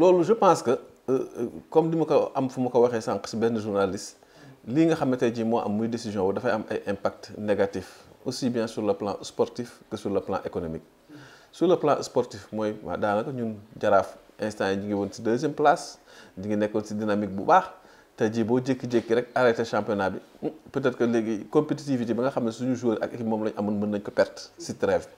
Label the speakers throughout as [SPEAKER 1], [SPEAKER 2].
[SPEAKER 1] loolu je pense que euh, euh, comme ni ma ko am fu ma ko waxee sànq si benn journaliste lii nga xam ne tey jii moo am muy décision wu dafay am ay impact négatif aussi bien sur le plan sportif que sur le plan économique sur le plan sportif mooy daanaka ñun jaraaf instant yi ñu ngi woon si deuxième place ñu ngi nekkoon si dynamique bu baax tey jii boo jékki-jékki rek arrêté championnat bi hmm, peut-être que léegi compétitivité bi nga xam ne suñu joueur ak équipe moom lañ amoon mën nañ ko perte si trêve bi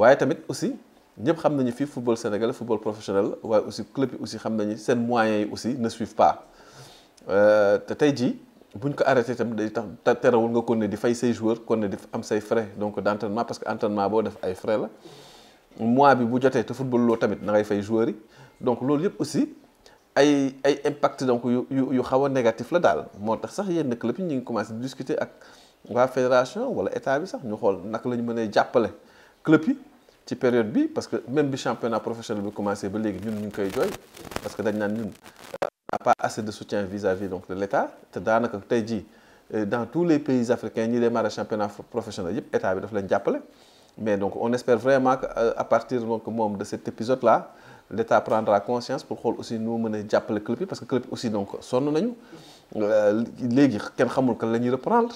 [SPEAKER 1] waaye tamit aussi ñëpp xam nañu fii football sénégal football professionnel waaye aussi club yi aussi xam nañu seen moyens yi aussi ne suivent pas euh, te tey jii buñ ko arrêté tam day tax terewul nga kon ne di fay say joueurs kon ne di am say frais donc d' entraînement parce que entraînement boo def ay frais la mois bi bu jotee te football loo tamit na ngay fay joueurs yi donc loolu yëpp aussi ay ay impact donc yu yu xaw a négatif la daal moo tax sax yenn club yi ñu ngi commencé discuter ak waa fédération wala état bi sax ñu xool naka lañu ñu mënee jàppale club yi ci période bi parce que même bi championnat professionnel bi commencé ba n'avons ñun ñu koy parce que dañ n'a euh, pas assez de soutien vis-à-vis donc de l'État te danaka tay ji euh, dans tous les pays africains ñi démarré championnat professionnel yépp état bi daf lañ jappalé mais donc on espère vraiment que euh, à partir donc de cet épisode là l'État prendra conscience pour aussi nous mën jappalé club parce que club aussi donc sonn nañu léegi kenn xamul que la reprendre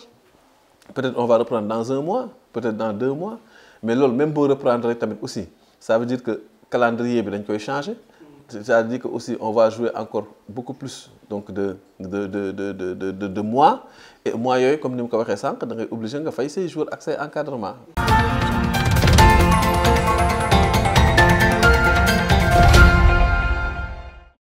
[SPEAKER 1] peut-être on va reprendre dans un mois peut-être dans deux mois mais le même pour reprendre aussi ça veut dire que le calendrier bi dañ koy changer Ça veut dire que aussi on va jouer encore beaucoup plus donc de de de de de de mois et mois comme nous avons ko on est obligé de faire ces jours accès encadrement.